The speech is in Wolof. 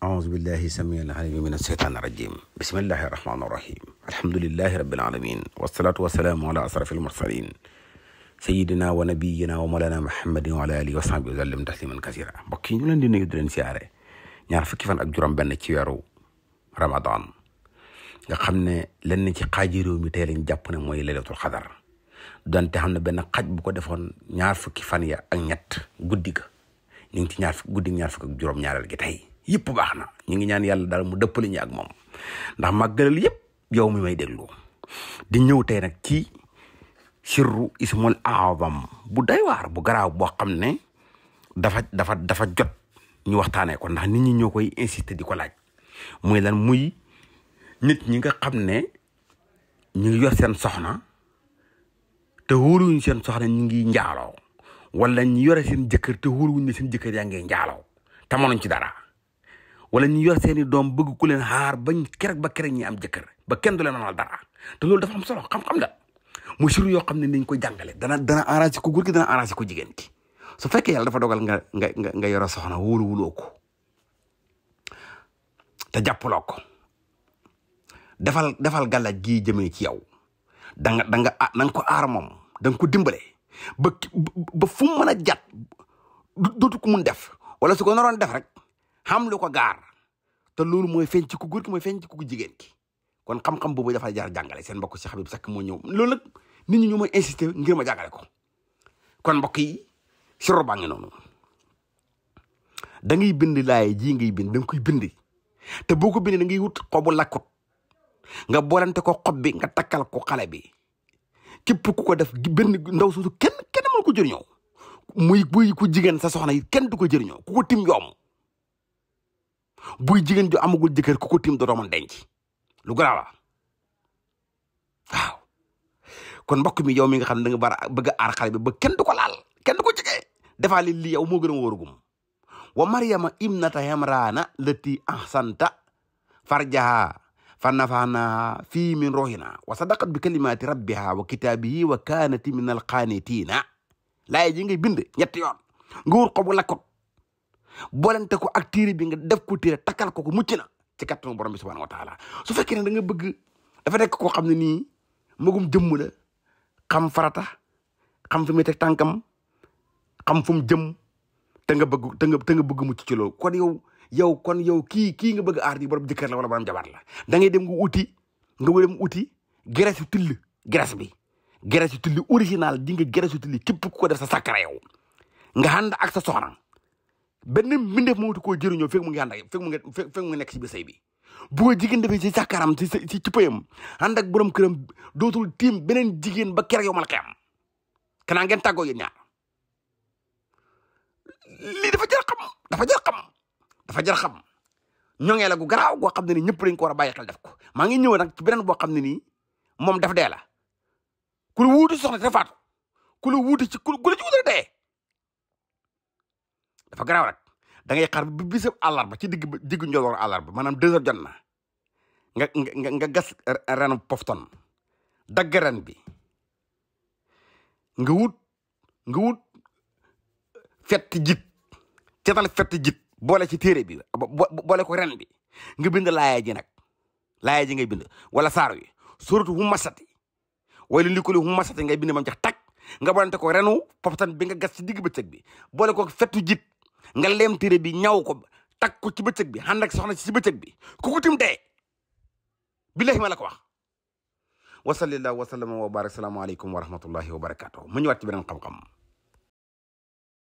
aouzu billahi samiil alimi min asheytaan irajim bismillahi irrahmaan irrahim alhamdulilahi rabilalamin wasalaatu wasalaamu ala asraf almursalin sayidina wa nabiyina wa molana muhammadin wa ala alihi wa sahbi wa sallam tasliman kasira mbokk yi ñu leen di nuyu di leen siyaare ñaar fukki fan ak juróom benn ci weeru ramadan nga xam ne lenn ci xaaji réew mi tey lañ jàpp ne mooy laylatul xadar donte xam ne benn xaj bu ko defoon ñaar fukki fan ya ak ñett guddi ga ñu ngi ci ñaar fukki guddi ñaar fukki ak juróom ñaareel gi tey yëpp baax na ñu ngi ñaan yàlla daal mu dëppali ñu ak moom ndax màggalal yëpp yow mi may déglu di ñëw tey nag ci sirru ismul aazam bu day waar bu garaaw boo xam ne dafa dafa dafa jot ñu waxtaanee ko ndax nit ñi ñoo koy insister di ko laaj muy lan muy nit ñi nga xam ne ñu ngi yor seen soxna te wóoruwuñ seen soxna ñu ngi njaaloo wala ñu yore seen jëkkër te wóoruwuñ ne seen jëkkër yaa ngi njaaloo te ci dara wala ñu yor seeni doom bëgg ku leen xaar bañ kerek ba kerek ñi am jëkkër ba kenn du leen amal dara te loolu dafa am solo xam-xam la mu suru yoo xam ne niñ ko jàngale dana dana arrangé ko góor gi dana arrangé ko jigéen ki su fekkee yàlla dafa dogal nga nga nga yor soxna wóolu wuloo ko te jàppuloo ko defal defal gàllaj gii jëmee ci yow da nga ko aar moom da ko dimbale ba ba fu mu dootu ko mun def wala su ko naroon def rek xam lu ko gaar te loolu mooy feeñ ci ku góor ki mooy feeñ ci ku jigéen ki kon xam-xam boobu dafa jaar jàngale seen mbokk si Habib Seck moo ñëw loolu nag nit ñu ñoo mooy insister ngir ma jàngale ko kon mbokk yi si noonu da ngay bind laay ji ngay bind da nga koy bindi te boo ko bindee da ngay wut xobu lakkut nga boolante ko xob bi nga takkal ko xale bi képp ku ko def benn ndaw suusu kenn kenn mënu ko jëriñoo muy buy ku jigéen sa soxna yi kenn du ko jëriñoo ku ko tim buy jigéen ju amagul jëkkër ku ko tiim doo doomam denc lu kon mbokk mi yow mi nga xam ne da nga bara bëgg a aar xale bi ba kenn du laal kenn du ko jege defaa li li yow moo gën a wóorugum wa maryama ibnata imrana lati ahsanta farjaha fa min rohina wa sadaqat bi kalimati rabbiha wa kitaabihi wa kaanati min alqaanitina laaye ji ngay bind ñetti yoon nguur ko bu boolente ko ak téere bi nga def ko téere takkal ko ko mucc na ci kattanu borom bi subhanahu wa taala su fekkee da nga bëgg dafa nekk koo xam ne nii magum jëmm la xam farata xam fi muy teg tànkam xam fu mu jëm te nga bëgg te te nga bëgg mucc ci loolu kon yow kon yow kii kii nga bëgg aar di borom jëkkër la wala borom jabar la da ngay dem nga uti nga dem uti bi tulli graisse bi graisse tulli original di nga graisse tulli képp ku ko def sa sakkara yow nga ànd ak sa soxna benn mbindeef moo ko jëriñoo fekk mu ngi ànd ak fekk mu ngi fekk mu ngi nekk ci biir sëy bi bu ko jigéen defee ci sàkkaaram ci ci ci pëyam ak borom këram dootul tiim beneen jigéen ba keroog yow mal xeyam kanaa ngeen tàggoo yéen ñaar lii dafa jar xam dafa jar xam dafa jar xam ñoŋee la gu garaaw goo xam ne ni ñëpp lañ ko war a bàyyi xel def ko maa ngi ñëw nag ci beneen boo xam ne nii moom daf dee la ku lu wuuti soxna dafa faatu ku lu ci ku dee dafa garaaw rek da ngay xaar ba bisab àllarba ci digg diggu njoloor àllarba maanaam deux heures jot na nga nga nga gas renu pofton dagg ren bi nga wut nga wut fett jit cetal fett jit boole ci téere bi boole ko ren bi nga bind laaya ji nag laaya ji ngay bind wala saar wi suratu hu masati wala li ko li hu masati ngay bind mam jax tak nga bolante ko renu poftan bi nga gas ci digg bëccëg bi boole ko fettu jit nga leem téere bi ñaw ko takk ko ci bëccëg bi ànd ak soxna ci bëccëg bi ku ko tim dee billahi ma la ko wax wa sallallahu wa sallama wa barak salaamaaleykum wa rahmatullahi wa barakatuh mu ñëwaat ci beneen xam